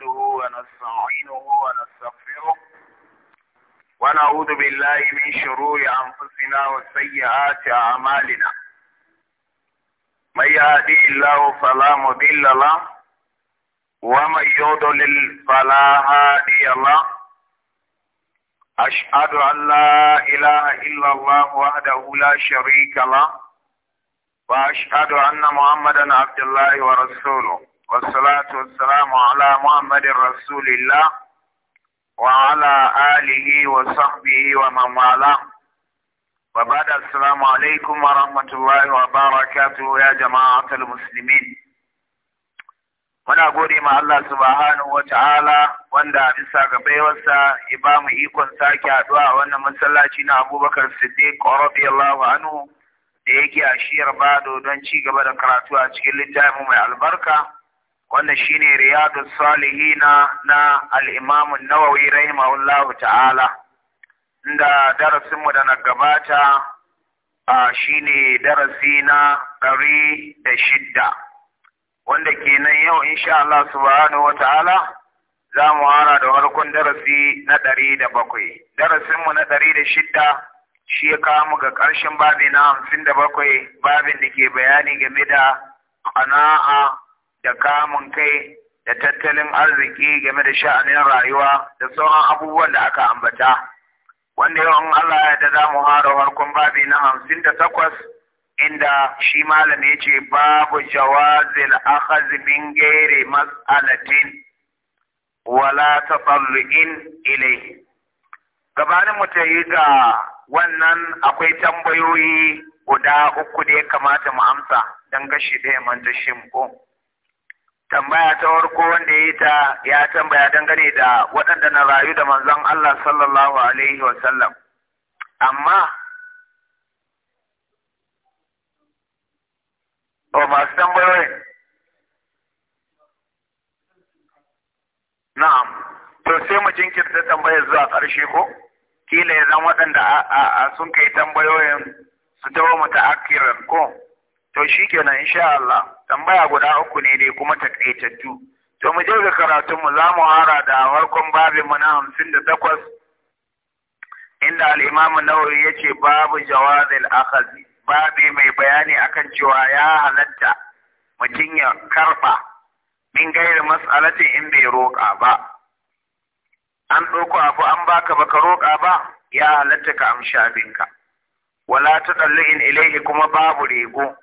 نحمده ونستعينه ونستغفره ونعوذ بالله من شرور أنفسنا وسيئات أعمالنا من يهدي الله فلا مضل له ومن يضلل فلا هادي له أشهد أن لا إله إلا الله وحده لا شريك له وأشهد أن محمدا عبد الله ورسوله والصلاة والسلام على محمد رسول الله وعلى آله وصحبه ومن والاه وبعد السلام عليكم ورحمة الله وبركاته يا جماعة المسلمين muna gode ma Allah subhanahu wa ta'ala wanda bisa ga baiwarsa ya ba mu ikon sake haɗuwa a wannan masallaci na abubakar siddiq radiyallahu anhu da yake a shiyar bado don ci gaba da karatu a cikin littafin mai albarka wannan shine riyadus salihina na al-imam an-nawawi rahimahullahu ta'ala inda darasinmu da na gabata a shine darasi na ɗari da shidda wanda kenan yau insha Allah subhanahu wa ta'ala za mu hana da farkon darasi na ɗari da bakwai darasin na ɗari da shidda shi ya kawo ga ƙarshen babi na hamsin da bakwai babin da ke bayani game da ƙana'a da kamun kai da tattalin arziki game da sha'anin rayuwa da sauran abubuwan da aka ambata wanda yau Allah ya da za mu haro harkon babi na hamsin da takwas inda shi malam ya ce babu jawazil akhaz min gairi mas'alatin wala tatallu'in ilai gabanin mu ta yi ga wannan akwai tambayoyi guda uku da ya kamata mu amsa don gashi da ya manta shimko tambaya ta farko wanda ya yi ta ya tambaya dangane da waɗanda na rayu da manzon Allah sallallahu alaihi wasallam amma o oh, masu tambayoyin na'am to sai mu jinkirta tambayar zuwa ƙarshe ko kila ya zan waɗanda a sun kai tambayoyin su tawo mu akirar ko to shi kenan, insha Allah tambaya guda uku ne dai kuma takaitattu to mu je ga karatunmu za mu hara da farkon babin mu na hamsin da takwas inda al'imamu nawawi ya ce babu jawazil akhazi babi mai bayani akan cewa ya halatta mutum ya karba min gairi mas'alatin in bai roƙa ba an ɗauko abu an baka baka roƙa ba ya halatta ka amsha binka. wala ta in ilaihi kuma babu rego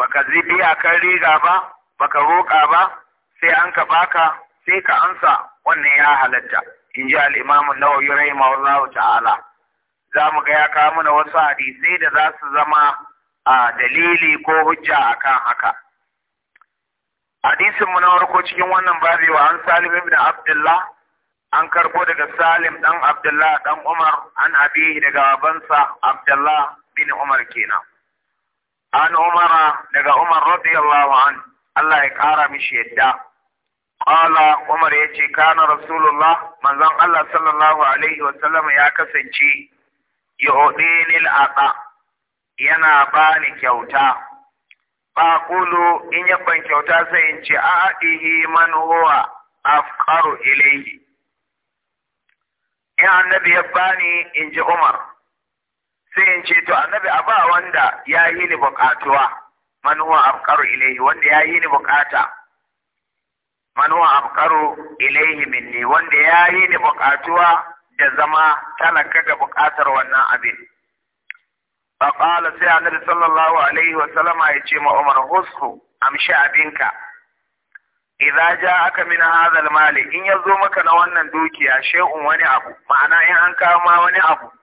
baka zibi a kan riga ba baka roƙa ba sai an ka baka sai ka ansa wannan ya halatta in ji al'imamun nawawi rahimahullahu ta'ala za mu ga ya kawo mana wasu hadisai da za su zama a dalili ko hujja akan haka Hadisinmu na warko cikin wannan babi wa an salim ibn abdullah an karbo daga salim dan abdullah dan umar an abi daga babansa abdullah bin umar kenan an umara daga umar radiyallahu an Allah ya kara mishi yadda qala umar yace kana rasulullah manzon Allah sallallahu alaihi wa sallam ya kasance yuhdini al-aqa yana bani kyauta kulu in ya ban kyauta sai in ce ihi man huwa afqaru ilayhi ya annabi ya bani in ji umar sai in ce to annabi a ba wanda ya yi ni bukatuwa manuwa afkaru ilaihi wanda ya yi ni bukata manuwa afkaru ilaihi minni wanda ya yi ni bukatuwa da zama talaka da bukatar wannan abin fa qala sai annabi sallallahu alaihi wa sallama ya ce ma umar husu amshi abinka idza ja'aka min hadha al-mali in yazo maka na wannan dukiya shay'un wani abu ma'ana in an kawo ma wani abu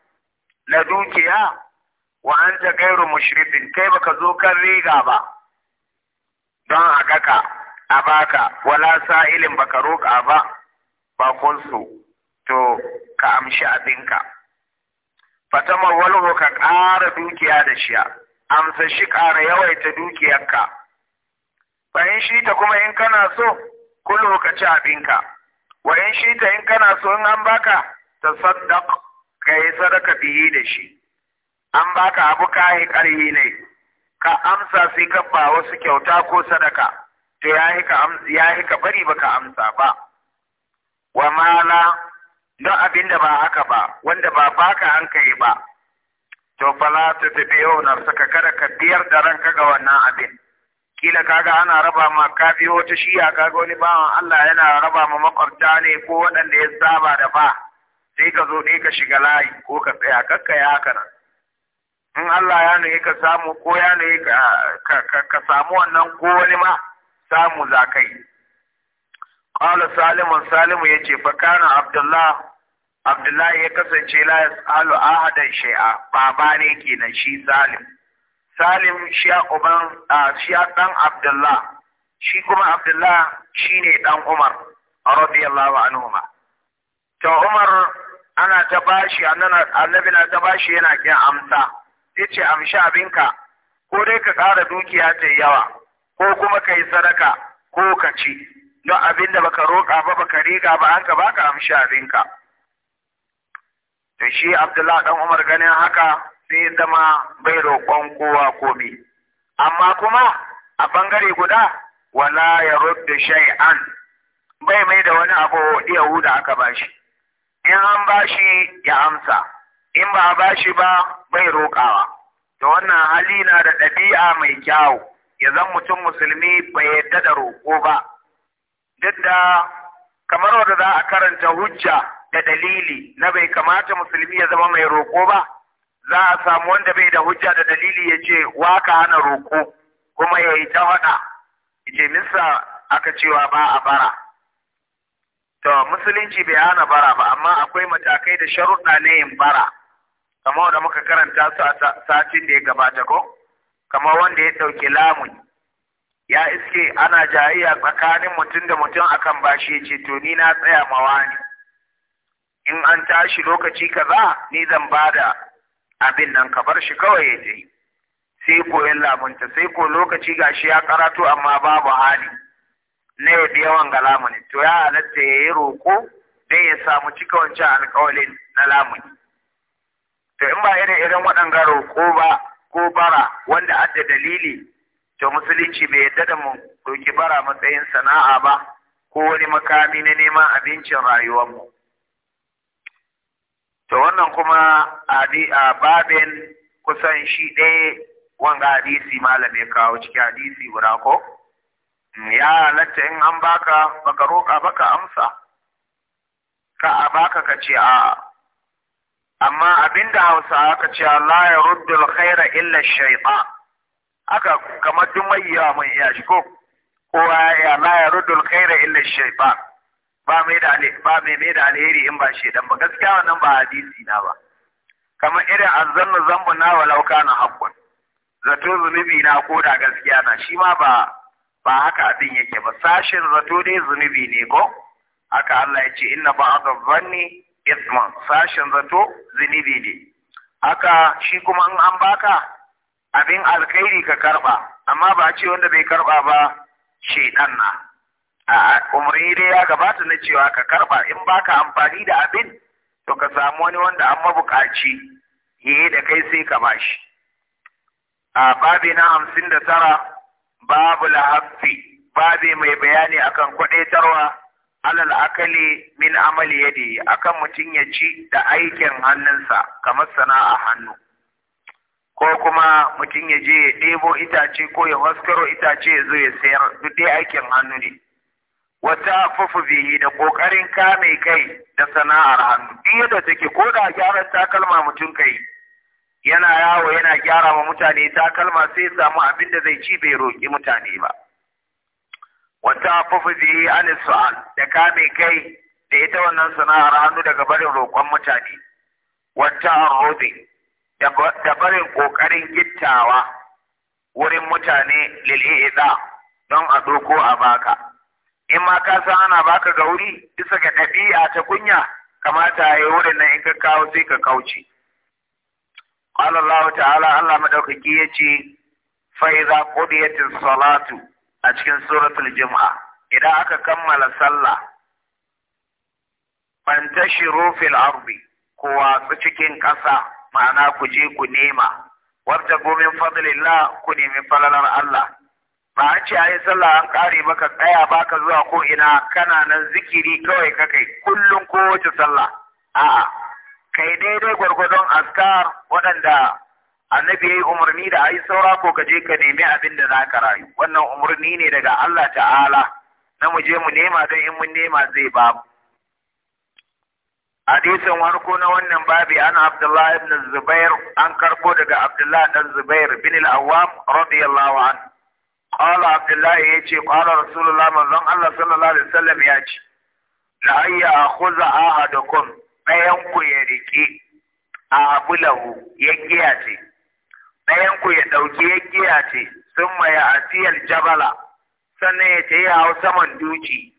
na dukiya wa an ta gairu mushrifin kai baka zo kan riga ba don a kaka a baka wala sa'ilin baka roƙa ba su to ka amshi abinka fatamar walho ka ƙara dukiya da shiya amsa shi ƙara yawaita dukiyarka bayan shi ta kuma in kana so kullu ka ci abinka wa in shi ta in kana so in an baka ta saddaka ka yi sadaka biyu da shi an baka abu kayi ƙarfi ne ka amsa sai ka ba wasu kyauta ko sadaka to ya yi ka bari baka amsa ba wa mala don abin da ba haka ba wanda ba baka an kai ba to fala ta tafi yau na saka kada ka biyar da ranka ga wannan abin kila kaga ana raba ma kafi wata shiya kaga wani bawan Allah yana raba ma makwabta ne ko waɗanda ya saba da ba sai ka zo ne ka shiga layi ko ka tsaya kakka ya haka nan in Allah ya nuhi ka samu ko ya nuhi ka samu wannan ko wani ma samu za ka yi qala salimun salimu yace fa kana abdullah abdullah ya kasance la yasalu ahadan shay'a baba ne kenan shi salim salim shi uban shi dan abdullah shi kuma Abdullah shine dan ɗan Umar, radiyallahu anhuma. To Umar ana ta bashi annabi na ta bashi yana kin amsa yace amshi abinka ko dai ka kara dukiya ta yawa ko kuma ka yi sadaka ko ka ci don abin da baka roka ba baka riga ba an ka baka amshi abinka to shi Abdullahi dan Umar ganin haka sai zama bai roƙon kowa komai amma kuma a bangare guda wala ya ruddu shay'an bai mai da wani abu Yahuda aka bashi in an bashi ya amsa in ba a bashi ba bai roƙawa to wannan hali na da ɗabi'a mai kyawu ya zan mutum musulmi bai yadda da roƙo ba duk da kamar wanda za a karanta hujja da dalili na bai kamata musulmi ya zama mai roƙo ba za a samu wanda bai da hujja da dalili ya ce waka hana roƙo kuma ya yi ta faɗa ya nisa aka cewa ba a bara to musulunci bai hana bara ba amma akwai matakai da sharuɗa na yin bara kamar wanda muka karanta su a satin da ya gabata ko kamar wanda ya ɗauki lamun ya iske ana jayayya tsakanin mutum da mutum akan bashi ya ce to ni na tsaya mawa ne in an tashi lokaci kaza ni zan ba da abin nan ka bar shi kawai ya je sai ko yin lamunta sai ko lokaci gashi ya karatu amma babu hali na ya yawan ga lamuni to ya halatta ya yi roƙo don ya samu cika wancan alƙawalin na lamuni to in ba irin irin waɗanga roƙo ba ko bara wanda adda dalili to musulunci bai yadda da mu roƙi bara matsayin sana'a ba ko wani makami na neman abincin rayuwar mu. to wannan kuma a babin kusan shi ɗaya wanga hadisi malam ya kawo ciki hadisi guda ko ya halatta in an baka baka roƙa baka amsa ka a baka ka ce a amma abinda hausawa ka ce la ya ruddul alkhaira illa shaytan aka kamar duk mai yawa mun iya shi ko kowa ya la ya ruddul alkhaira illa shaytan ba mai da ba mai mai da alheri in ba shedan ba gaskiya wannan ba hadisi na ba kamar irin zanna zambu na walau kana haqqun zato zunubi na ko da gaskiya na shi ma ba ba haka abin yake ba sashin zato dai zunubi ne ko haka Allah ya ce inna ba'dha dhanni isman sashin zato zunubi ne haka shi kuma in an baka abin alkhairi ka karba amma ba ce wanda bai karba ba shedan na a umarni dai ya gabata na cewa ka karba in baka amfani da abin to ka samu wani wanda an mabukaci yayi da kai sai ka bashi a babi na hamsin da tara babu lahabbi babu mai bayani akan kwadaitarwa alal akali min amali yadi akan mutum ya ci da aikin hannunsa kamar sana'a hannu ko kuma mutum ya je ya ɗebo itace ko ya haskaro itace ya zo ya sayar duk dai aikin hannu ne wata fufu bihi da ƙoƙarin kame kai da sana'ar hannu duk yadda take ko da gyaran takalma mutum kai yana yawo yana gyara ma mutane takalma sai ya samu abin da zai ci bai roƙi mutane ba wata fufuzi an su'al da kame kai da ita wannan sana'ar hannu daga barin roƙon mutane wata arrobi da barin ƙoƙarin gittawa wurin mutane lil'i'iza don a doko a baka in ma ka san ana baka ga wuri bisa ga ɗabi'a ta kunya kamata ya yi wurin nan in ka kawo sai ka kauce Allah Allah ta'ala Allah madaukaki yace fa idza qudiyatis salatu a cikin suratul Juma'a. idan aka kammala sallah ban tashiru fil ardi ku watsu cikin ƙasa ma'ana ku je ku nema warta gomin fadlillah ku nemi falalar Allah ba a ce ayi sallah an ƙare baka tsaya baka zuwa ko ina kana nan zikiri kawai kakai kullum kowace sallah a'a kai daidai gwargwadon askar waɗanda annabi ya yi umarni da a yi saura ko ka je ka nemi abin da za ka rayu wannan umarni ne daga Allah ta'ala na mu je mu nema don in mun nema zai mu hadisin warko na wannan babi ana abdullahi ibn zubair an karbo daga abdullahi dan zubair bin al-awwam radiyallahu an qala abdullahi yace qala rasulullahi manzon Allah sallallahu alaihi wasallam yace la ayya akhudha ahadukum ɗayan ku ya riƙe a bulahu ya giya ce ɗayan ku ya ɗauki ya giya ce sun maya asiyar jabala sannan ya ce ya hau saman duci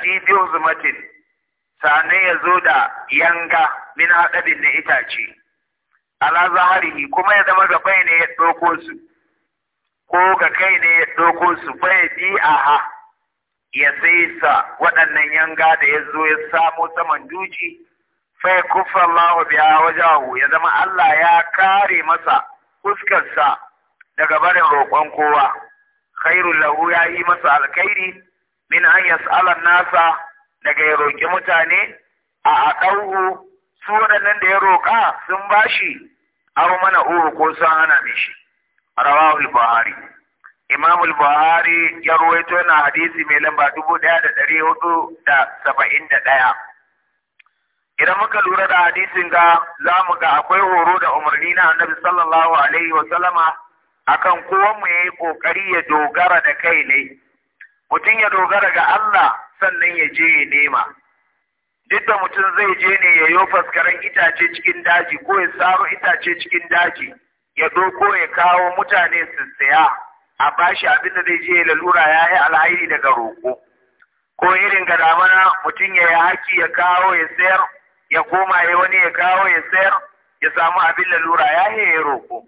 ci biyu zumatin sannan ya zo da yanga min haɗaɗin na itace ala zahari kuma ya zama ga bai ne ya ɗauko su ko ga kai ne ya ɗauko su bai bi a ha ya saisa waɗannan yanga da ya zo ya samo saman duci fai kufa Allahu biya wajahu ya zama Allah ya kare masa fuskarsa daga barin roƙon kowa khairul lahu ya yi masa alkhairi min an yas'ala nasa daga ya roƙi mutane a aɗauhu su waɗannan da ya roƙa sun bashi aw mana uru ko sun hana mishi rawahu al-buhari Imam buhari ya ruwaito yana hadisi mai lamba dubu ɗaya da ɗari hudu da saba'in da ɗaya. Idan muka lura da hadisin ga za mu ga akwai horo da umarni na annabi sallallahu alaihi wa sallama akan kowa mu yi kokari ya dogara da kai ne. Mutum ya dogara ga Allah sannan ya je ya nema. Duk da mutum zai je ne ya yi faskaren itace cikin daji ko ya saro itace cikin daji ya doko ya kawo mutane su saya. a bashi abin da zai je ya lalura ya yi alhairi daga roƙo ko irin ga damana mutum ya yi haki ya kawo ya sayar ya koma ya wani ya kawo ya sayar ya samu abin lalura ya yi ya roƙo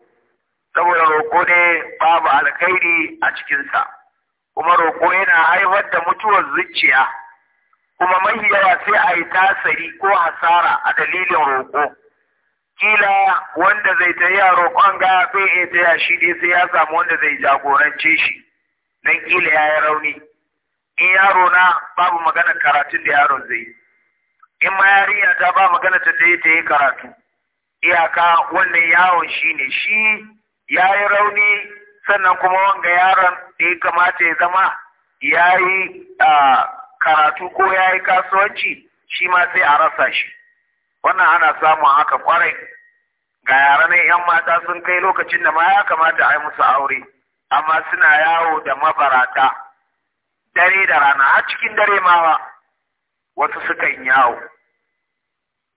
saboda roƙo ne babu alkhairi a cikinsa kuma roƙo yana haifar da mutuwar zuciya kuma mahi yawa sai a yi tasari ko hasara a dalilin roƙo kila wanda zai ta yi roƙon ga bai iya taya shi ne sai ya samu wanda zai jagorance shi nan kila ya yi rauni in yaro na babu magana karatun da yaron zai yi in ma yarinya ta ba magana ta ta yi ta yi karatu iyaka wannan yawon shi ne shi ya yi rauni sannan kuma wanga yaron da ya kamata ya zama ya yi ah, karatu ko ya yi kasuwanci shi ma sai a rasa shi. wannan ana samun haka kwarai ga yaran yan mata sun kai lokacin da ma ya kamata a yi musu aure amma suna yawo da mabarata dare da rana a cikin dare ma wasu suka yi yawo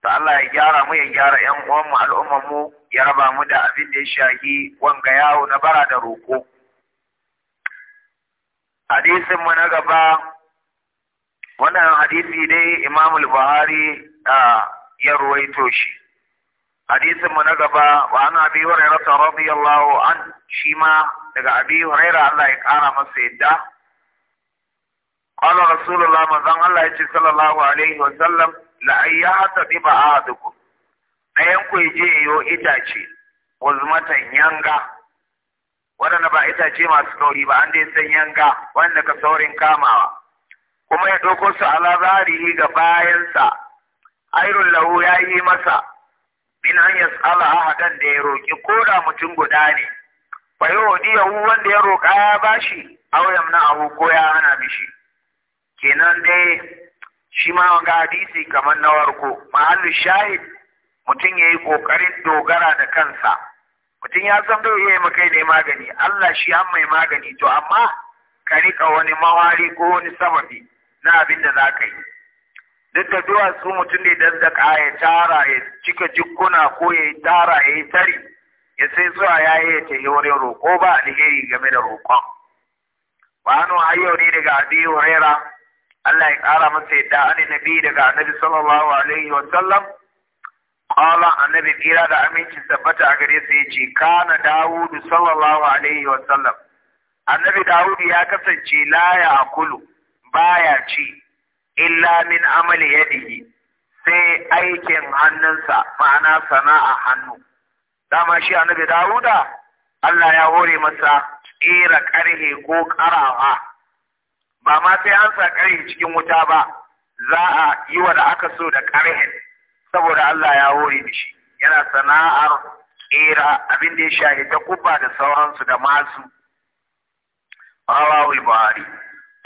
ta Allah ya gyara mu ya gyara yan uwanmu al'umman mu ya raba mu da abin da ya shahi wanga yawo na bara da roko hadisin mu na gaba wannan hadisi dai Imam al-Buhari ah, ya ruwaito shi hadisin mu na gaba wa ana abi ta radiyallahu an shi ma daga abi hurairah Allah ya kara masa yadda qala rasulullah manzon Allah ya ce sallallahu alaihi wa sallam la ayyata bi ba'adukum ayan ku je yo itace wazmatan yanga wadanda ba itace masu kauri ba an dai san yanga wanda ka saurin kamawa kuma ya ɗauko su ala zarihi ga bayansa ayrun lahu ya yi masa min an yas'ala ahadan da ya roki, ko da mutum guda ne fa yahudiyahu wanda ya roka ya bashi aw ahu ko ya hana mishi kenan dai shi ma wanga hadisi kamar na warko mahallu shahid mutum ya yi ƙoƙarin dogara da kansa mutum ya san bai iya kai ne magani Allah shi an mai magani to amma ka riƙa wani mawari ko wani sababi na abin da za ka yi duk da duwatsu mutum ne dan zaka ya tara ya cika jikkuna ko ya yi tara ya yi tari ya sai zuwa ya yi ya tafi wurin roƙo ba alheri game da roƙon Ba wani yau ne daga abi huraira Allah ya ƙara masa yadda ani nabi daga annabi sallallahu alaihi wa sallam qala annabi kira da amincin tabbata a gare sa yace kana dawud sallallahu alaihi wa sallam annabi dawud ya kasance la ya kulu baya ci illa min amali yadihi sai aikin hannunsa ma'ana sana'a hannu dama shi annabi Dawuda Allah ya hore masa tsira karhe ko karawa ba ma sai an sa karhe cikin wuta ba za a yi wa da aka so da ƙarhe saboda Allah ya hore da shi yana sana'ar tsira abin da ya shahi ta kubba da sauransu da masu rawawi buhari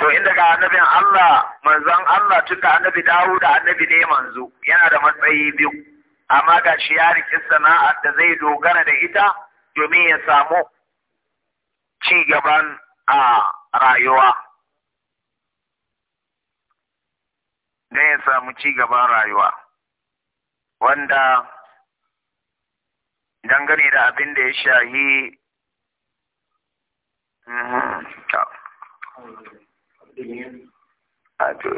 to inda ga annabin Allah manzon Allah tunda annabi Dawud annabi ne manzo yana da matsayi biyu amma ga shi ya riƙi sana'ar da zai dogara da ita domin ya samu ci gaban a rayuwa Ne ya samu ci gaban rayuwa wanda dangane da abin da ya shahi mm-hmm. a to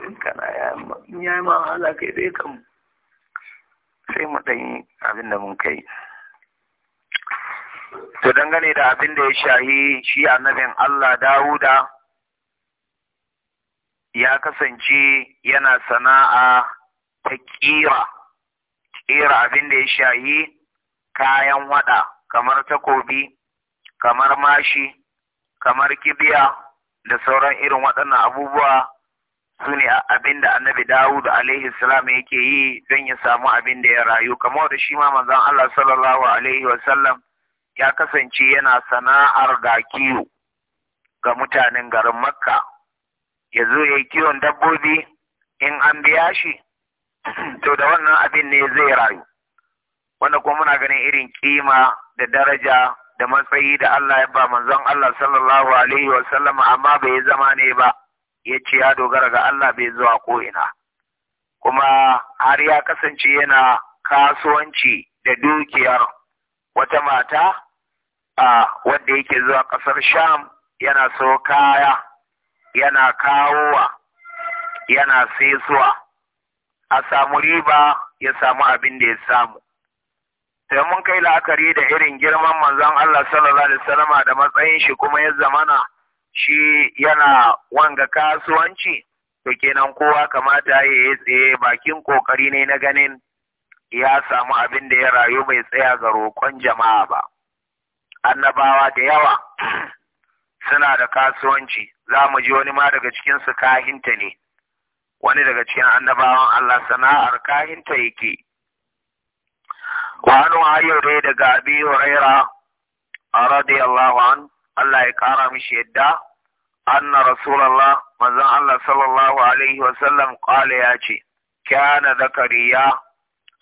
sai mu abin da mun kai to dangane da abin da ya shahi shi annabin Allah Dawuda ya kasance yana sana'a ta kira kira abin da ya shahi kayan wada kamar takobi kamar mashi kamar kibiya da sauran irin waɗannan abubuwa su ne abin da annabi Dawud alaihi salam yake yi don ya samu abin da ya rayu kamar da shi ma manzon Allah sallallahu alaihi wa sallam ya kasance yana sana'ar ga kiyo ga mutanen garin Makka ya zo ya yi kiwon dabbobi in an biya shi to da wannan abin ne zai rayu wanda kuma muna ganin irin kima da daraja da matsayi da Allah ya ba manzon Allah sallallahu alaihi wa sallam amma bai zama ne ba ya ce ya dogara ga Allah bai zuwa ko ina kuma har ya kasance yana kasuwanci da dukiyar wata mata a wanda yake zuwa ƙasar Sham yana so kaya yana kawowa yana suwa. a samu riba ya samu abin da ya samu sai mun kai la'akari da irin girman manzon Allah sallallahu alaihi wasallama da matsayin shi kuma ya zamana shi yana wanga kasuwanci to kenan kowa kamata ya yi tsaye bakin kokari ne na ganin ya samu abin da ya rayu bai tsaya ga roƙon jama'a ba annabawa da yawa suna da kasuwanci za mu ji wani ma daga cikinsu kahinta ne wani daga cikin annabawan Allah sana'ar kahinta yake wani wayo ne daga abi huraira a radiyallahu an Allah ya kara mishi yadda anna rasulallah mazan Allah sallallahu alaihi wa sallam ya ce kana zakariya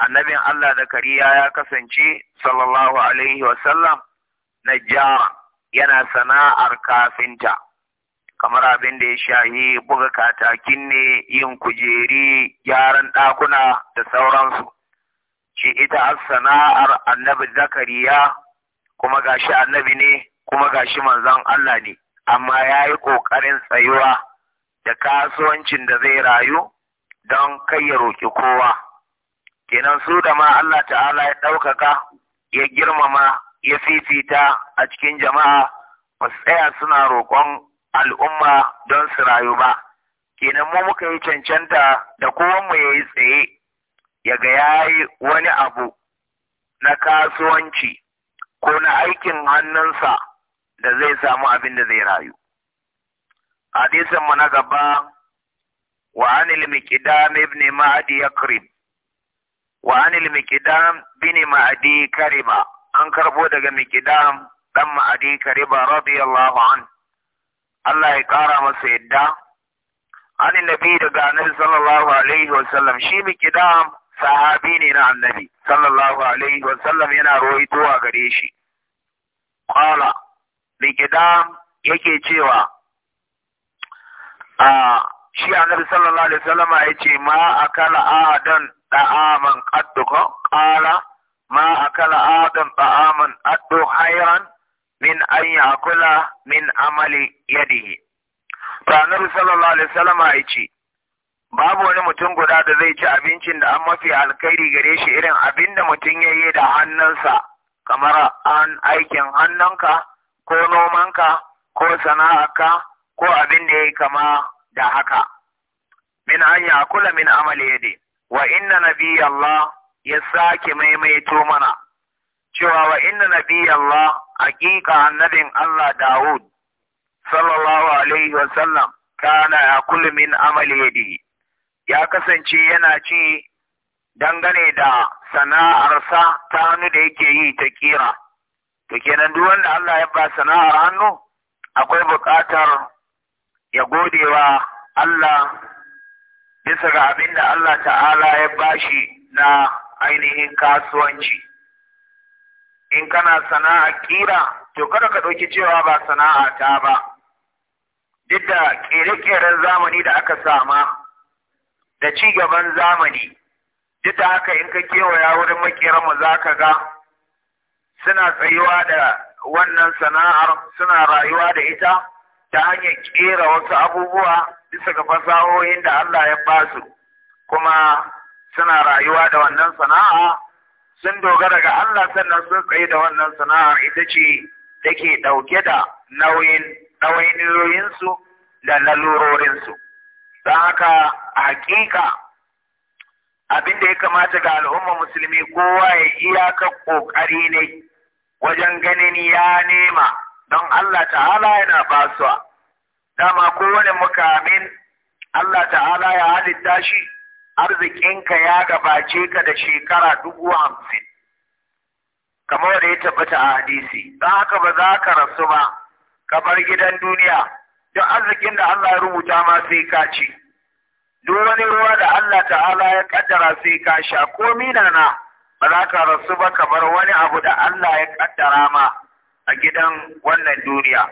annabin Allah da kariya ya kasance sallallahu alaihi wa sallam najjara yana sana'ar kafinta kamar abin da ya shahi buga katakin ne yin kujeri gyaran dakuna da sauransu shi ita as sana'ar annabi zakariya kuma gashi annabi ne kuma gashi manzon Allah ne amma ya yi ƙoƙarin tsayuwa da kasuwancin da zai rayu don kai ya roƙi kowa kenan su da ma Allah ta'ala ya ɗaukaka ya girmama ya fifita a cikin jama'a ba tsaya suna roƙon al'umma don su rayu ba kenan mu muka yi cancanta da kowanne ya yi tsaye yaga ya yi wani abu na kasuwanci ko na aikin hannunsa da zai samu abin da zai rayu. Hadisin mu na gaba wa anil miqdam ibn ma'adi yakrib wa anil miqdam bin ma'adi kariba an karbo daga miqdam dan ma'adi kariba radiyallahu an Allah ya kara masa yadda an nabi daga annabi sallallahu alaihi wa sallam" shi miqdam sahabi ne na annabi sallallahu alaihi wa sallam yana rohitowa gare shi qala liqidam yake cewa a shi annabi sallallahu alaihi ya yace ma akala adan ta'aman qadduka qala ma akala adan ta'aman addu hayran min an yakula min amali yadihi to annabi sallallahu alaihi ya yace babu wani mutum guda da zai ci abincin da an mafi alkhairi gare shi irin abin da mutum ya yi da hannunsa kamar an aikin hannunka ko nomanka ko sana'arka ko abin da ya yi kama da haka min an ya kula min amali de, wa inna nabiy Allah ya sake maimaito mana cewa wa inna nabiy Allah hakika annabin Allah Dawud sallallahu alaihi wasallam, sallam kana ya kula min amali yadi ya kasance yana ci dangane da sana'arsa ta hannu da yake yi ta kira to kenan duk wanda Allah ya ba sana'ar hannu akwai buƙatar ya gode wa Allah bisa ga abin da Allah ta'ala ya ba shi na ainihin kasuwanci in kana sana'a kira to kada ka ɗauki cewa ba sana'a ta ba duk da ƙere-ƙeren zamani da aka sama da ci gaban zamani duk da haka in ka kewaya wurin mu za ka ga suna tsayuwa da wannan sana'ar suna rayuwa da ita ta hanyar kera wasu abubuwa bisa ga fasahohin da Allah ya ba su kuma suna rayuwa da wannan sana'a sun dogara ga Allah sannan sun tsaye da wannan sana'a ita ce take dauke da nauyin ɗawainiyoyinsu da lalurorinsu. da haka a hakika abin da ya kamata ga al'umma musulmi kowa ya iyaka kokari ne wajen ganin ya nema don Allah ta'ala yana basuwa dama kowane mukamin Allah ta'ala ya halitta shi arzikinka ya gabace ka da shekara dubu hamsin kamar da ya tabbata a hadisi don haka ba za ka rasu ba ka bar gidan duniya duk arzikin da Allah ya rubuta ma sai ka ci duk wani ruwa da Allah ta'ala ya kaddara sai ka sha ko mina na ba za ka rasu ba ka bar wani abu da Allah ya kaddara ma a gidan wannan duniya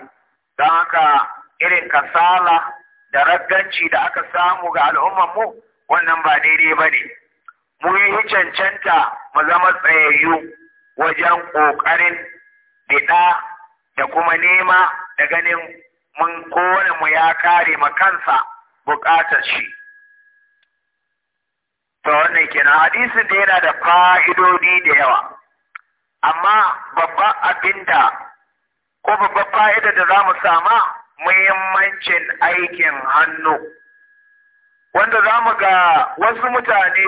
don haka irin kasala da ragganci da aka samu ga al'ummar mu wannan ba daidai ba ne mu yi cancanta mu zama tsayayyu wajen ƙoƙarin biɗa da kuma nema da ganin mun kowane mu ya kare ma kansa bukatar shi Ta wannan kenan hadisin da yana da fa'idodi da yawa amma babban abinda ko babban fa'ida da za mu sama muhimmancin aikin hannu wanda za mu ga wasu mutane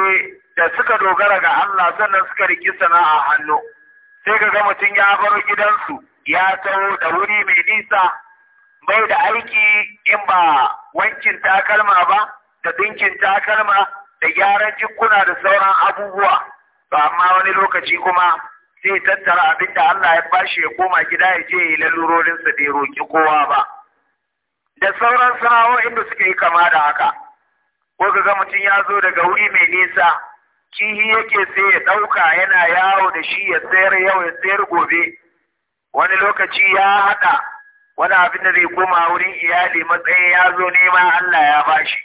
da suka dogara ga Allah sannan suka riki sana'a hannu sai ga mutum ya bar gidansu ya taho da wuri mai nisa bai da aiki in ba wankin takalma ba da dinkin takalma da gyaran jikuna da sauran abubuwa to amma wani lokaci kuma sai tattara abin da Allah ya bashi ya koma gida ya je ya lalurorin sa bai roki kowa ba da sauran sana'o'in da suke yi kama da haka ko ga mutum ya zo daga wuri mai nisa kihi yake sai ya ɗauka yana yawo da shi ya sayar yau ya sayar gobe wani lokaci ya haɗa wani abin da zai koma wurin iyali matsayin ya zo nema Allah ya bashi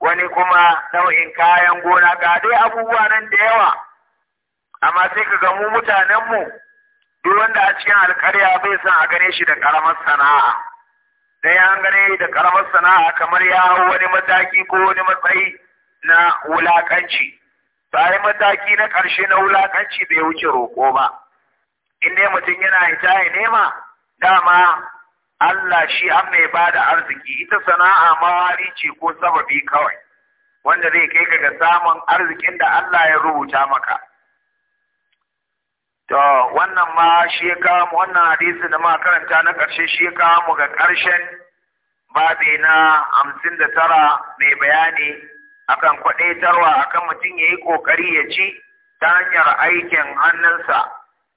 wani kuma nau'in kayan gona ga dai abubuwa nan da yawa amma sai ka ga mu mutanen mu duk wanda a cikin alkarya bai san a gane shi da karamar sana'a da ya gane da karamar sana'a kamar ya hau wani mataki ko wani matsayi na wulakanci bayan mataki na karshe na wulakanci bai wuce roƙo ba in dai mutum yana hita ya nema dama Allah shi an mai ba da arziki ita sana'a mawari ce ko sababi kawai wanda zai kai ka ga samun arzikin da Allah ya rubuta maka. To wannan ma shi ya kawo mu wannan hadisi da ma karanta na ƙarshe shi ya kawo mu ga ƙarshen babi na hamsin da tara mai bayani akan kwaɗaitarwa akan mutum ya yi ƙoƙari ya ci ta hanyar aikin hannunsa.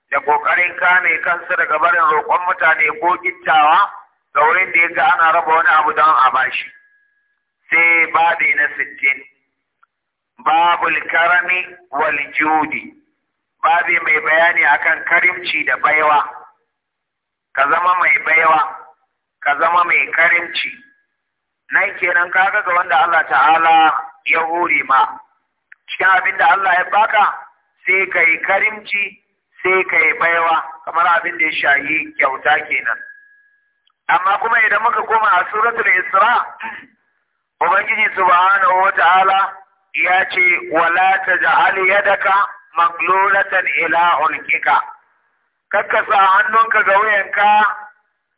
da kokarin kame kansa daga barin roƙon mutane ko gittawa ga wurin da ya ga ana raba wani abu don a bashi sai babi na sittin babul karami wal judi babi mai bayani akan karimci da baiwa ka zama mai baiwa ka zama mai karimci nan kenan kaga ga wanda Allah ta'ala ya hore ma cikin abin da Allah ya baka sai ka yi karimci sai ka yi baiwa kamar abin da ya shayi kyauta kenan amma kuma idan muka koma a suratul isra ubangiji subhanahu wata'ala ya ce wala taj'al yadaka maglulatan ila kakka sa hannunka ga wuyanka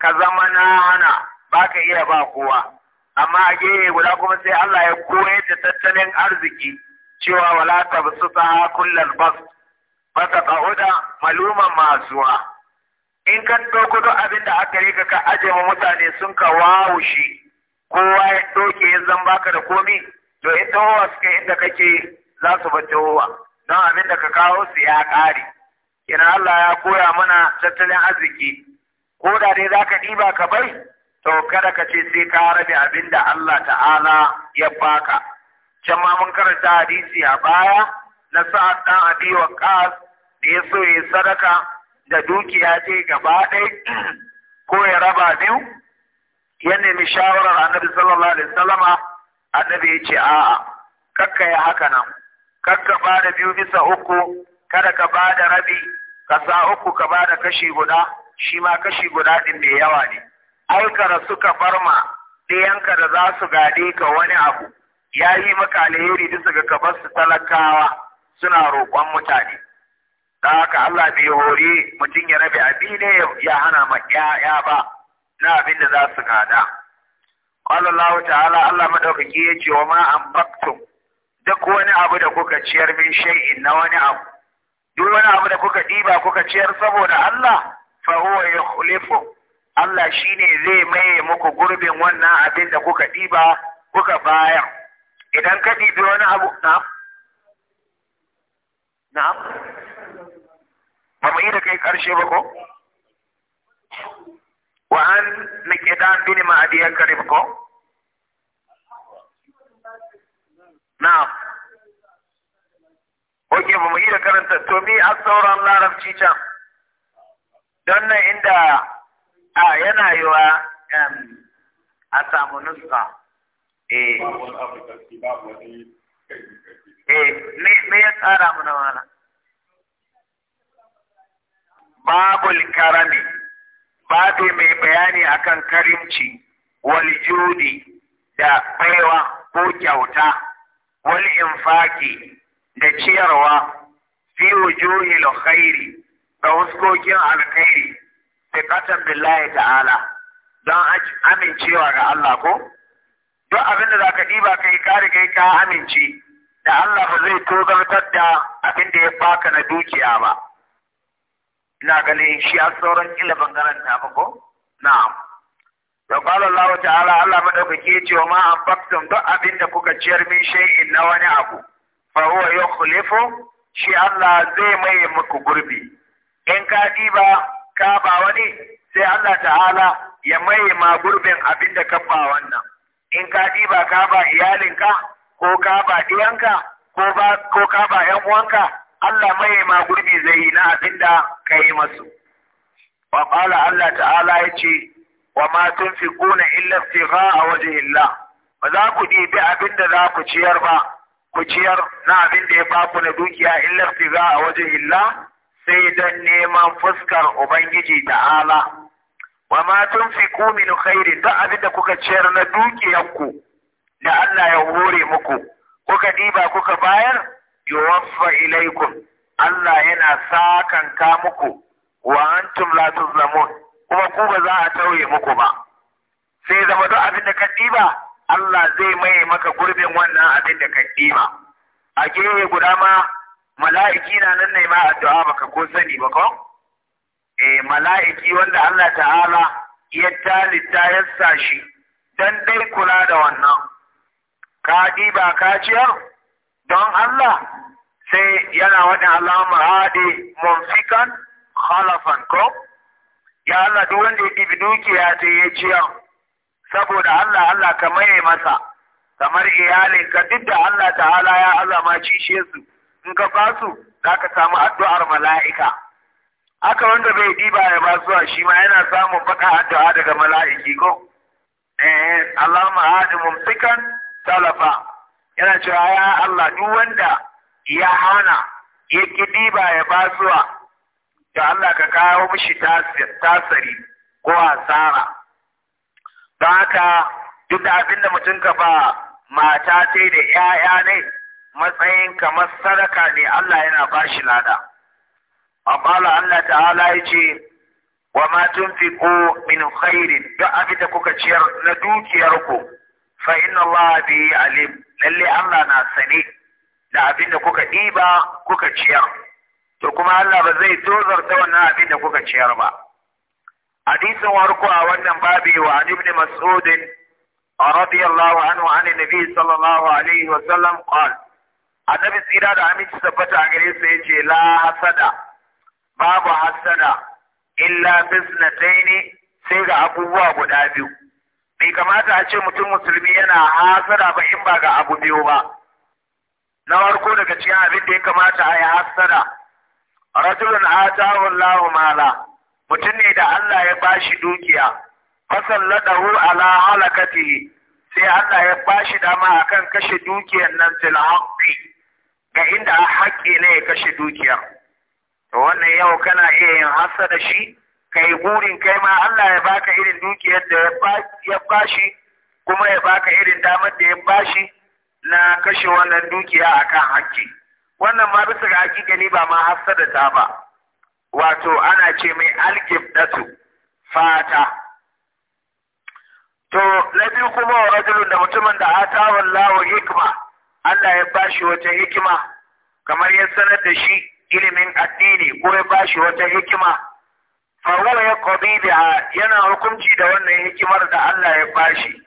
ka zama na hana ka iya ba kowa amma a gehe guda kuma sai Allah ya koyar da tattalin arziki cewa wala tabsuta kullal bast baka da maluman masuwa in ka ɗauko duk abin da aka rika ka aje ma mutane sun ka shi. kowa ya ɗauke ya zan baka da komi to in tahowa suka inda kake za su bar don abin da ka kawo su ya ƙare kina Allah ya koya mana tattalin arziki ko da dai za ka ɗiba ka bai to kada ka ce sai ka rabe abin da Allah ta'ala ya baka can ma mun karanta hadisi a baya na sa'ad ɗan abi ƙas da ya so ya sadaka da dukiya ce gaba ɗai ko ya raba biyu ya nemi shawarar annabi sallallahu alaihi wasallama annabi ya ce a'a kakka ya haka nan kakka ba da biyu bisa uku kada ka ba da rabi ka sa uku ka ba da kashi guda shi ma kashi guda ɗin mai yawa ne aikara suka farma ɗayanka da za su gade ka wani abu ya yi maka alheri bisa ga kabar su talakawa suna roƙon mutane ta haka Allah bai hori mutum ya rabe abi ne ya hana ma ƴaƴa ba na abin da za su gada Allah ta'ala Allah madaukaki ya ce wa ma anfaqtum duk wani abu da kuka ciyar min shay'in na wani abu duk wani abu da kuka ɗiba kuka ciyar saboda Allah fa huwa yukhlifu Allah shine zai maye muku gurbin wannan abin da kuka ɗiba kuka bayar idan ka ɗibi wani abu na na'am ba mu yi da kai karshe ba ko wa an miqdan bin kare ba ko na'am Oke, ba mu yi da karanta, to mi a sauran larabci can, don nan inda a yana yi wa a samu nuska. Eh. Eh, me babul karami babu mai bayani akan karimci wal judi da baiwa ko kyauta wal infaki da ciyarwa fi wujuhil khairi da huskokin alkhairi da katan billahi ta'ala don amincewa ga Allah ko duk abinda zaka diba kai ka riga ka amince da Allah ba zai tozartar da abin da ya baka na dukiya ba ina ganin shi a sauran ila bangaren ta ba ko na'am da qala Allah ta'ala Allah madaukake ya ce wa ma faktun duk abin da kuka ciyar min in na wani abu fa huwa yukhlifu shi Allah zai maye muku gurbi in ka diba ka ba wani sai Allah ta'ala ya maye ma gurbin abin da ka ba wannan in ka diba ka ba iyalinka ko ka ba diyanka ko ba ko ka ba yan uwanka Allah mai ma gurbi zai yi na abin da ka masu wa qala Allah ta'ala yace wa ma tunfiquna illa ibtigha'a Allah ba za ku ɗibi abin da za ku ciyar ba ku ciyar na abin da ya baku na dukiya illa ibtigha'a Allah sai dan neman fuskar Ubangiji ta'ala, wa ma tunfiqu min khairin duk abin da kuka ciyar na dukiyarku da Allah ya hore muku kuka diba kuka bayar yuwaffa ilaikum Allah yana sakanka muku wa antum la tuzlamun kuma ku ba za a tauye muku ba sai zama duk abin da ka diba Allah zai maye maka gurbin wannan abin da ka diba a gehe guda ma mala'iki na nan ne ma addu'a baka ko sani ba ko eh mala'iki wanda Allah ta'ala ya talita ya sa shi dan dai kula da wannan ka ɗiba ka ciyar don Allah sai yana wani alama haɗe mumfikan halafan, ko ya Allah duk wanda ya ɗibi dukiya ta ya ciyar saboda Allah Allah ka maye masa kamar iyalin ka duk da Allah ta'ala ya azama cishe su in ka ba su za ka samu addu'ar mala'ika aka wanda bai ɗiba ya ba zuwa shi ma yana samun baka addu'a daga mala'iki ko eh Allah ma'adu mumfikan salafa yana cewa ya Allah duk wanda ya hana ya ki ba ya ba zuwa da Allah ka kawo mishi tasiri ko asara don haka duk da abinda mutum ka ba mata sai da 'ya'ya ne matsayin kamar sadaka ne Allah yana ba shi lada amma Allah ta'ala ya ce wa ma tunfiqu min khairin duk abinda kuka ciyar na dukiyar ku fa inna Allah bi alim lalle Allah na sani, da abin da kuka ɗiba kuka ciyar to kuma Allah ba zai tozarta wannan abin da kuka ciyar ba hadisin warko a wannan babi wa ibn mas'ud radiyallahu anhu an nabi sallallahu alaihi wa sallam qala annabi tsira da aminci tabbata a gare su yace la hasada babu hasada illa bisnataini sai ga abubuwa guda biyu bai kamata a ce mutum musulmi yana hasara ba in ba ga abu biyu ba na farko daga cikin abin da ya kamata a yi hasara rajulun atahu Allahu mala mutum ne da Allah ya bashi dukiya fasalladahu ala halakatihi sai Allah ya bashi dama akan kashe dukiyar nan til haqqi ga inda haƙƙi ne ya kashe dukiya. to wannan yau kana iya yin hasara shi kai burin kai ma Allah ya baka irin dukiyar da ya bashi kuma ya baka irin damar da ya bashi na kashe wannan dukiya akan hakki wannan ma bisa ga hakika ni ba ma da ta ba wato ana ce mai algibdatu fata to na biyu kuma wa rajulun da mutumin da ata wallahu hikima, Allah ya bashi wata hikima kamar ya sanar da shi ilimin addini ko ya bashi wata hikima fahuwa ya kobi biha yana hukunci da wannan hikimar da Allah ya bashi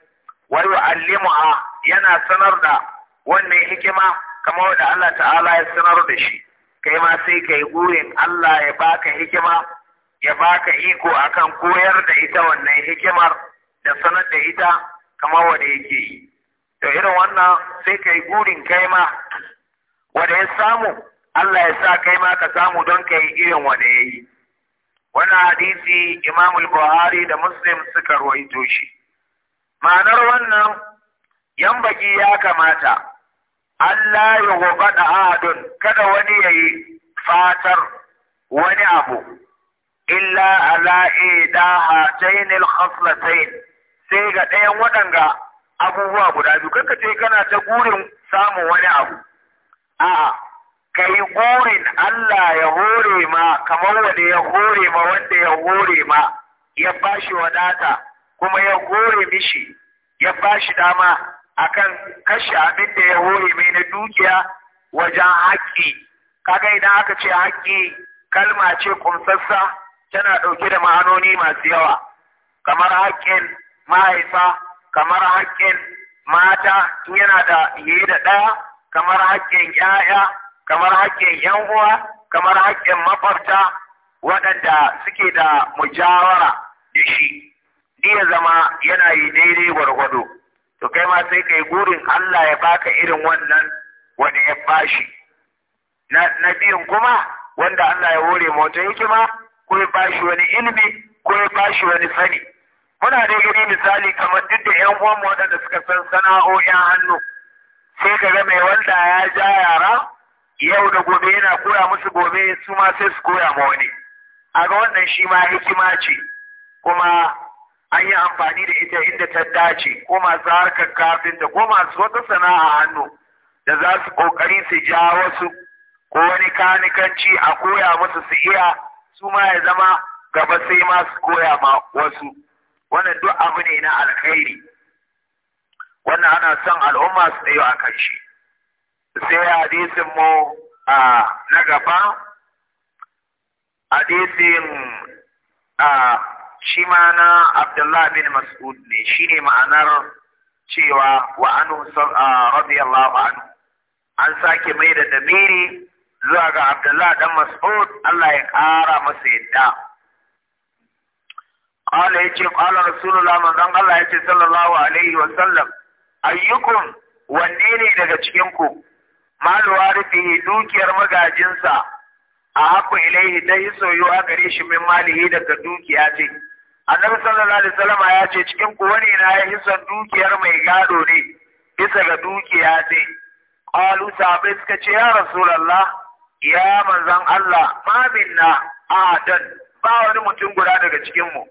wa yu'allimuha yana sanar da wannan hikima kamar wanda Allah ta'ala ya sanar da shi kai ma sai kai gurin Allah ya baka hikima ya baka iko akan koyar da ita wannan hikimar da sanar da ita kamar wanda yake yi to irin wannan sai kai gurin kai ma wanda ya samu Allah ya sa kai ma ka samu don kai irin wanda yi. Wani hadisi imam buhari da muslim suka ruwaito shi ma'anar wannan 'yan baki ya kamata Allah ya gobe da ahadun kada wani ya yi fatar wani abu illa ala'i da hatainil khaslatain sai ga ɗayan waɗanga abubuwa guda biyu kanka ce kana ta gurin samun wani abu a'a ka yi gurin Allah ya hore ma kamar wanda ya hore ma wanda ya hore ma ya bashi wadata kuma ya hore mishi ya bashi dama akan kashe abin da ya hore mai na dukiya wajen haƙƙi kaga idan aka ce haƙƙi kalma ce kumsassa tana ɗauke da ma'anoni masu yawa kamar haƙƙin mahaifa kamar haƙƙin mata yana da yi da ɗaya kamar haƙƙin 'ya'ya kamar haƙƙin yan uwa kamar haƙƙin mafarta waɗanda suke da mujawara da shi ya zama yana yi daidai gwargwado to kai ma sai kai gurin Allah ya baka irin wannan wani ya bashi na, biyun kuma wanda Allah ya hore mota hikima ko ya bashi wani ilimi ko ya bashi wani sani muna da gani misali kamar duk da yan uwan waɗanda suka san sana'o'in hannu sai ka ga mai wanda ya ja yara yau da gobe yana koya musu gobe su ma sai su koya ma wani a ga wannan shi ma hikima ce kuma an yi amfani da ita inda ta dace ko masu harkar kafin da ko masu wata sana'a hannu da za su kokari su ja wasu ko wani kanikanci a koya musu su iya su ma ya zama gaba sai ma su koya ma wasu wannan duk abu ne na alkhairi wannan ana son al'umma su tsayo a kan shi sai hadisin mu a na gaba hadisin a shi ma'ana na bin Mas'ud ne shine ma'anar cewa wa anhu radiyallahu anhu an sake mai da damiri zuwa ga Abdullahi dan Mas'ud Allah ya ƙara masa yadda qala ce ƙwalar rasulullah manzon Allah ce sallallahu alaihi wa sallam ayyukum wanne ne daga cikinku? Maluwar rufe dukiyar magajinsa a haku ilaihi ta yi soyuwa gare shi min malihi daga dukiya ce annabi sallallahu alaihi wasallam ya ce cikin wani na ya yi son dukiyar mai gado ne bisa ga dukiya ce qalu sahabbai suka ce ya rasulullah ya manzon Allah ma minna adan ba wani mutum guda daga cikin mu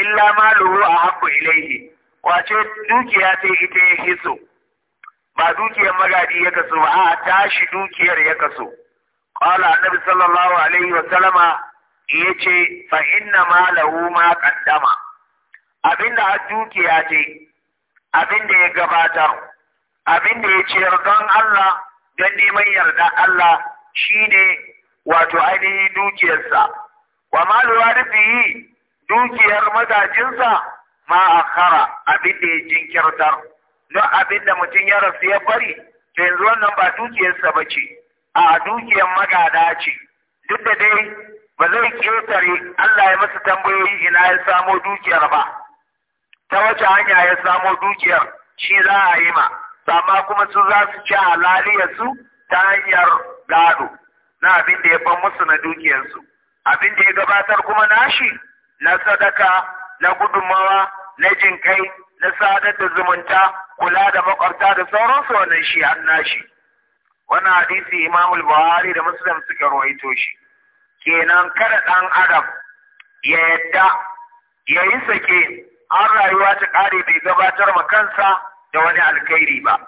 illa maluhu a haku ilaihi wace dukiya ce ita ya hiso ba dukiyar magadi ya kaso ba a tashi dukiyar ya kaso qala annabi sallallahu alaihi wa sallama yace fa inna ma lahu ma qaddama abinda a dukiya ce abinda ya gabatar abinda ya ciyar don Allah don neman yarda Allah shine wato ainihin dukiyarsa wa malu warifihi dukiyar mazajinsa ma akhara abinda ya jinkirtar don abin da mutum ya rasu ya bari to yanzu wannan ba dukiyarsa ba ce a dukiyar magada ce duk da dai ba zai ƙetare Allah ya masa tambayoyi ina ya samo dukiyar ba ta wace hanya ya samo dukiyar shi za a yi ma amma kuma su za su ci halaliyarsu ta hanyar gado na abin da ya ban musu na dukiyarsu abin da ya gabatar kuma nashi na sadaka na gudunmawa na jin jinkai na sadar da zumunta kula da makwabta da sauransu wannan shi an nashi wannan hadisi imamul buhari da muslim suka rawaito shi kenan kada ɗan adam ya yadda ya yi sake an rayuwa ta ƙare bai gabatar ma kansa da wani alkhairi ba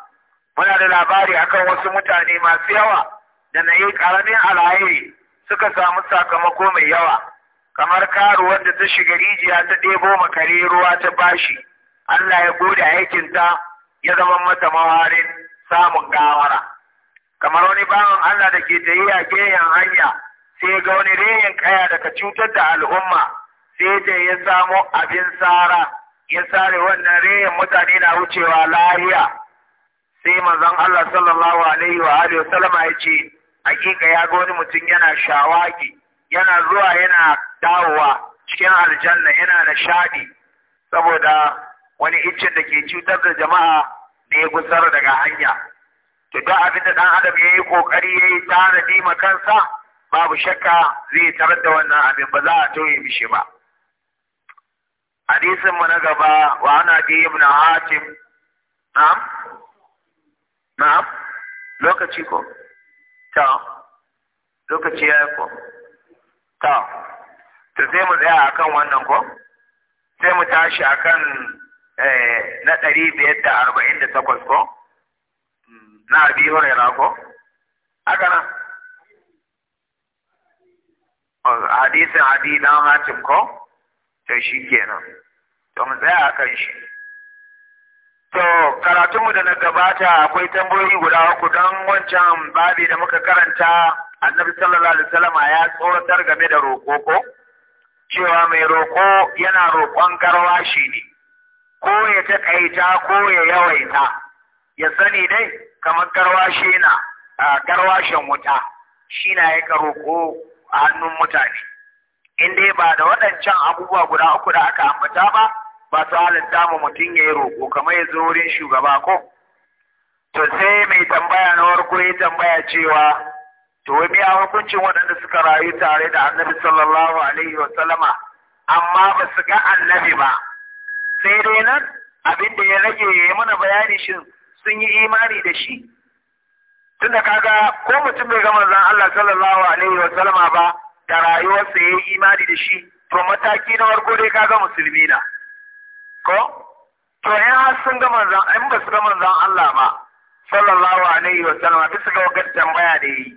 muna da labari akan wasu mutane masu yawa da na yi ƙaramin alayi suka samu sakamako mai yawa kamar karuwar da ta shiga rijiya ta ɗebo makare ruwa ta bashi Allah ya gode aikinta ya zama mata mawarin samun gawara kamar wani bawan Allah da ke tafiya geyen hanya sai ga wani reyin kaya daga cutar da al'umma sai ta ya samo abin tsara ya sare wannan reyin mutane na wucewa lahiya sai manzon Allah sallallahu alaihi wa alihi wasallama ya ce hakika ya ga wani mutum yana shawagi yana zuwa yana dawowa cikin aljanna yana nishadi saboda wani iccen da ke cutar da jama'a da ya gusar daga hanya to duk abin da ɗan adam ya yi ƙoƙari ya yi tanadi ma kansa babu shakka zai tarar da wannan abin ba za a tauye mishi ba hadisin mu na gaba wa ana bi ibn hatim na'am na'am lokaci ko ta lokaci ya ko ta to sai mu tsaya akan wannan ko sai mu tashi akan Eh, na ɗari biyar da arba'in da takwas ko na abi huraira ko haka nan oh, hadisin abi dan hatim ko to shi kenan to mu tsaya a kan shi to karatunmu da na gabata akwai tambayoyi guda uku don wancan babi da muka karanta annabi sallallahu alaihi wasallama ya tsoratar game da roƙo ko cewa mai roƙo yana roƙon garwashi ne ko ya taƙaita ko ya yawaita ya sani dai kamar garwashi na garwashin wuta shi na ya karo ko a hannun mutane in dai ba da waɗancan abubuwa guda uku da aka ambata ba ba su halitta mu mutum ya yi roƙo kamar ya zo wurin shugaba ko to sai mai tambaya na farko ya tambaya cewa to wani hukuncin waɗanda suka rayu tare da annabi sallallahu alaihi wa sallama amma ba su ga annabi ba sai dai nan abin da ya rage ya yi mana bayani shin sun yi imani da shi tunda kaga ko mutum bai gama zan Allah sallallahu alaihi wa sallama ba da rayuwarsa ya yi imani da shi to mataki na farko dai kaga musulmi na ko to in har sun gama zan in ba su gama zan Allah ba sallallahu alaihi wa sallama bisa ga wakar tambaya da yi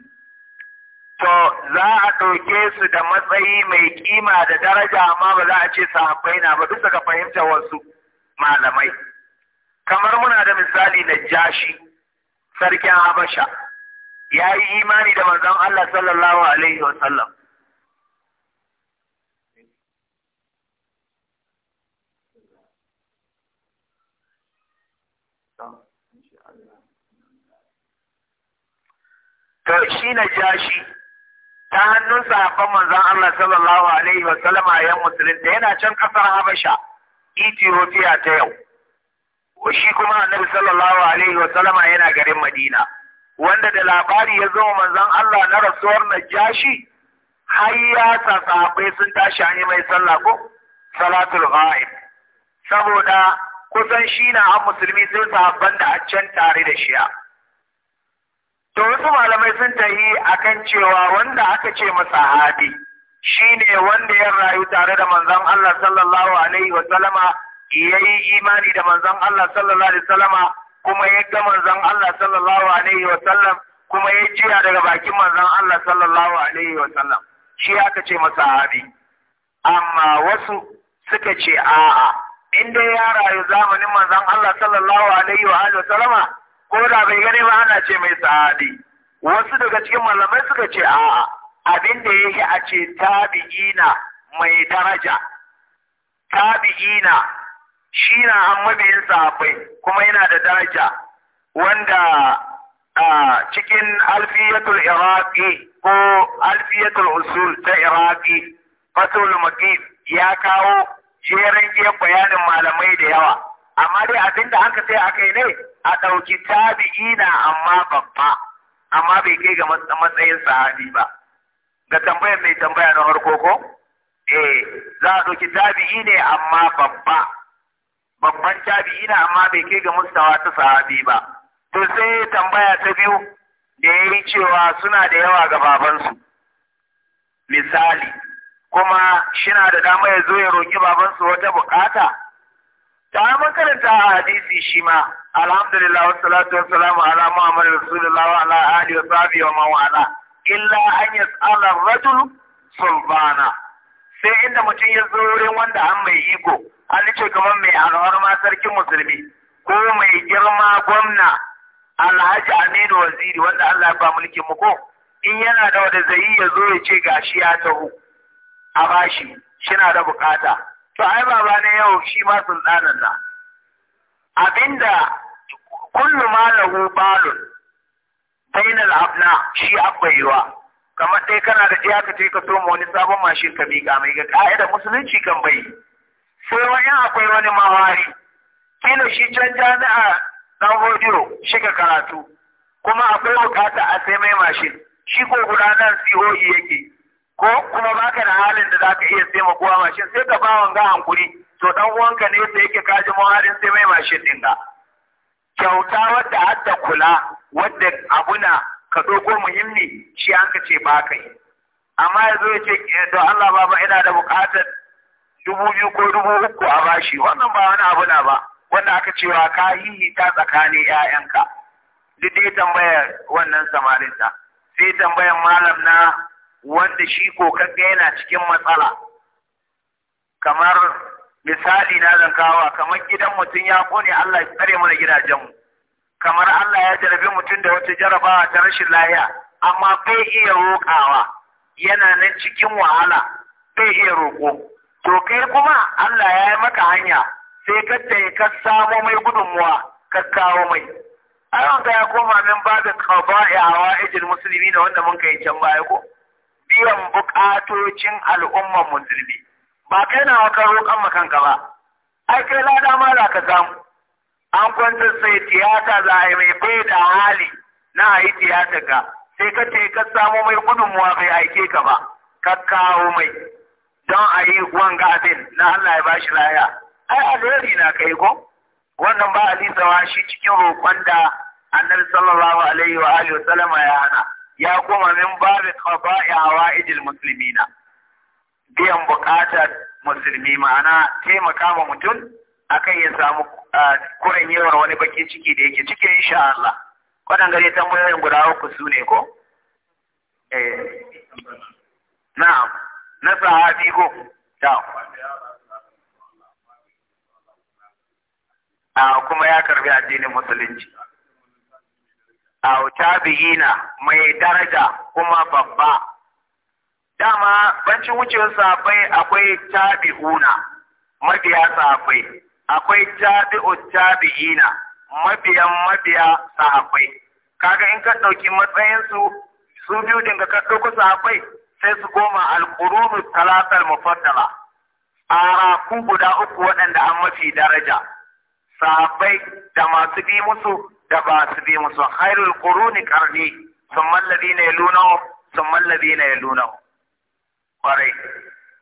to za a ɗauke su da matsayi mai kima da daraja amma ba za a ce sahabbai na ba duk suka fahimtar wasu malamai kamar muna da misali na jashi sarkin habasha ya yi imani da manzon Allah sallallahu alaihi wa sallam to shi na jashi ta hannun sahabban manzon Allah sallallahu alaihi wa sallama Musulun, da yana can kasar Habasha Ethiopia ta yau shi kuma annabi sallallahu alaihi wa sallama yana garin Madina wanda da labari ya zo manzon Allah na rasuwar Najashi har ya sahabbai sun tashi an yi mai sallah ko salatul ghaib saboda kusan shi na an musulmi sai sahabban da a can tare da shiya. To wasu malamai sun tahi akan cewa wanda aka ce masa hadi ne wanda ya rayu tare da manzon Allah sallallahu alaihi wa sallama yi imani da manzon Allah sallallahu alaihi wa sallama kuma ya ga manzon Allah sallallahu alaihi wa sallam kuma ya jira daga bakin manzon Allah sallallahu alaihi wa sallam shi aka ce masa hadi amma wasu suka ce a'a in dai ya rayu zamanin manzon Allah sallallahu alaihi wa sallama ko da bai gane ba ana ce mai sahabi wasu daga cikin malamai suka ce a abin da yake a ce tabi'ina mai daraja tabi'ina shi na an mabiyin sahabbai kuma yana da daraja wanda a cikin alfiyatul iraqi ko alfiyatul usul ta Iraki, fatul maqif ya kawo jerin bayanin malamai da yawa amma dai abinda aka sai aka yi ne a ɗauki tabi'ina amma babba amma bai kai ga matsayin sahabi ba ga tambayar mai tambaya na harko ko eh za a ɗauki tabi'i ne amma babba babban tabi'i na amma bai kai ga mustawa ta sahabi ba to sai tambaya ta biyu da ya yi cewa suna da yawa ga babansu misali kuma shina da dama ya zo ya roƙi babansu wata buƙata ta makaranta a hadisi shi ma alhamdulillah wa salatu wa salamu ala muhammad rasulullah wa ala alihi wa sahbihi wa man illa an yas'ala ar sulbana sai inda mutum ya zo wurin wanda an mai iko an ce kamar mai alhorma sarkin musulmi ko mai girma gwamna alhaji aminu waziri wanda Allah ba mulkin mu ko in yana da wanda zai ya zo ya ce gashi ya taho a bashi shi na da bukata to ai baba ne yau shi ma sultanan na abinda kullu ma lahu balun bainal abna shi abbaiwa kamar dai kana da iya ka ka so wani sabon mashin ka miƙa mai ga ka'ida musulunci kan bai sai wani akwai wani mawari kila shi can jami'a dan hodiyo shi karatu kuma akwai bukata a sai mai mashin shi ko gudanar COE yake ko kuma ka da halin da za ka iya sai makuwa mashin sai ka ba wanga hankuri to dan uwanka ne sai yake kaji muharin sai mai mashin din da kyauta wadda hadda kula wadda abuna ka dogo muhimmi shi an ka ce ba kai amma yanzu ya ce eh, to Allah baba ina da bukatar dubu biyu ko dubu uku a bashi wannan ba wani abu na ba wanda aka cewa ka yi ta tsakanin 'ya'yanka duk dai tambayar wannan samarinta sai tambayar malam na wanda shi ko kaga yana cikin matsala kamar misali na zan kawo kamar gidan mutum ya kone Allah ya tsare mana gidajenmu kamar Allah ya jarabi mutum da wata jarabawa ta rashin lahiya amma bai iya roƙawa yana nan cikin wahala bai iya roƙo to kai kuma Allah ya yi maka hanya sai ka tayi ka samo mai gudunmuwa ka kawo mai ai ya koma min ba da ya hawa ijil musulmi da wanda mun kai can baya ko biyan bukatocin al'umman musulmi ba kai na ka kan makanka ba ai kai da ma za ka samu an kwanta sai tiyata za a yi mai bai da hali na a yi tiyata ga sai ka ce ka samu mai gudunmuwa bai aike ka ba ka kawo mai don a yi wanga abin na Allah ya bashi laya ai alheri na kai ko wannan ba alisawa shi cikin roƙon da annabi sallallahu alaihi wa alihi wa sallama ya hana ya kuma min babu idil musulmi na. biyan buƙatar musulmi ma'ana taimaka ma mutum akan ya samu kuren yawar wani bakin ciki da yake cike insha Allah wannan gare tambayoyin guda uku su ne ko eh na sahabi ko ta a kuma ya karbi addinin musulunci a tabi'ina mai daraja kuma babba dama bancin wucewar safai akwai tabi'una mabiya safai akwai tabi'u tabi'ina mabiyan mabiya safai kaga in ka ɗauki matsayinsu su biyu dinga ka ɗauko safai sai su goma alƙurunu talatal mufaddala araku guda uku waɗanda an mafi daraja safai da masu bi musu da ba su bi musu khairul quruni qarni thumma alladhina yalunahu na alladhina yalunahu kwarai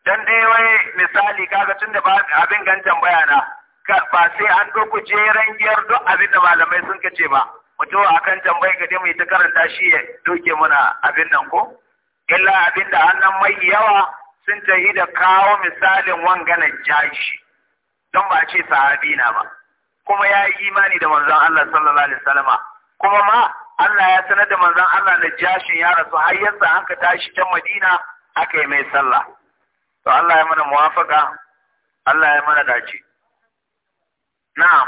don dai wai misali kaga tun da abin gan tambaya na ba sai an doku jeren giyar duk abin da malamai sun kace ba mutum akan tambayi ka je mu ta karanta shi ya doke mana abin nan ko illa abin da annan mai yawa sun yi da kawo misalin wangana jashi don ba ce sahabi na ba kuma ya yi imani da manzon Allah sallallahu alaihi wasallama kuma ma Allah ya sanar da manzon Allah da jashin ya rasu har yasa ka tashi can Madina aka yi mai sallah to Allah ya mana muwafaka Allah ya mana dace na'am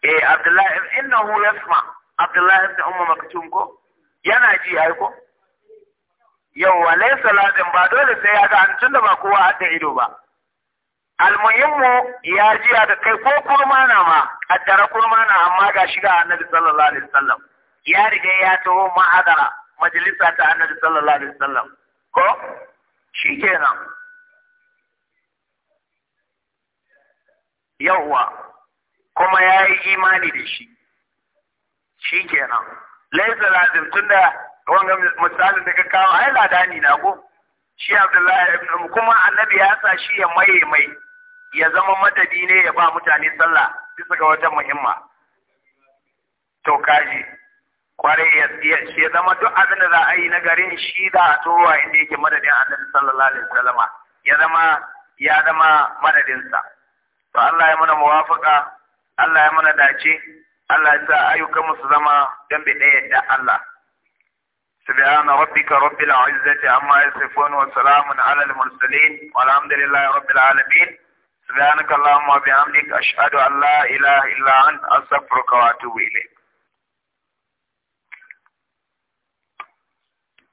Eh Abdullahi innahu yasma' Abdullahi ibn Umma Maktum ko yana ji ai ko yawa laysa lazim ba dole sai ya ga an tunda ba kowa hadda ido ba almuhimmu ya ji da kai ko na ma addara na amma ga shiga annabi sallallahu alaihi wasallam ya riga ya taho ma'adara majalisa ta annabi sallallahu alaihi wasallam ko shikenan yawa kuma ya yi imani da shi shi kenan laisa lazim tunda wanga misalin da ka kawo ai ladani na ko shi Abdullahi ibn kuma annabi ya sa shi ya maye mai ya zama madadi ne ya ba mutane sallah bisa ga wata muhimma to kaji kwarai ya ya zama duk abin da za a yi na garin shi da a towa inda yake madadin annabi sallallahu alaihi wasallama ya zama ya zama madadinsa to Allah ya mana muwafaka Allah ya mana dace Allah ya sa ayyukan su zama dambe ɗaya da Allah. Subhana rabbika rabbil izzati amma yasifun wa salamun ala al mursalin walhamdulillahi rabbil alamin. Subhanaka Allahumma wa bihamdika ashhadu an la ilaha illa anta astaghfiruka wa atubu ilayk.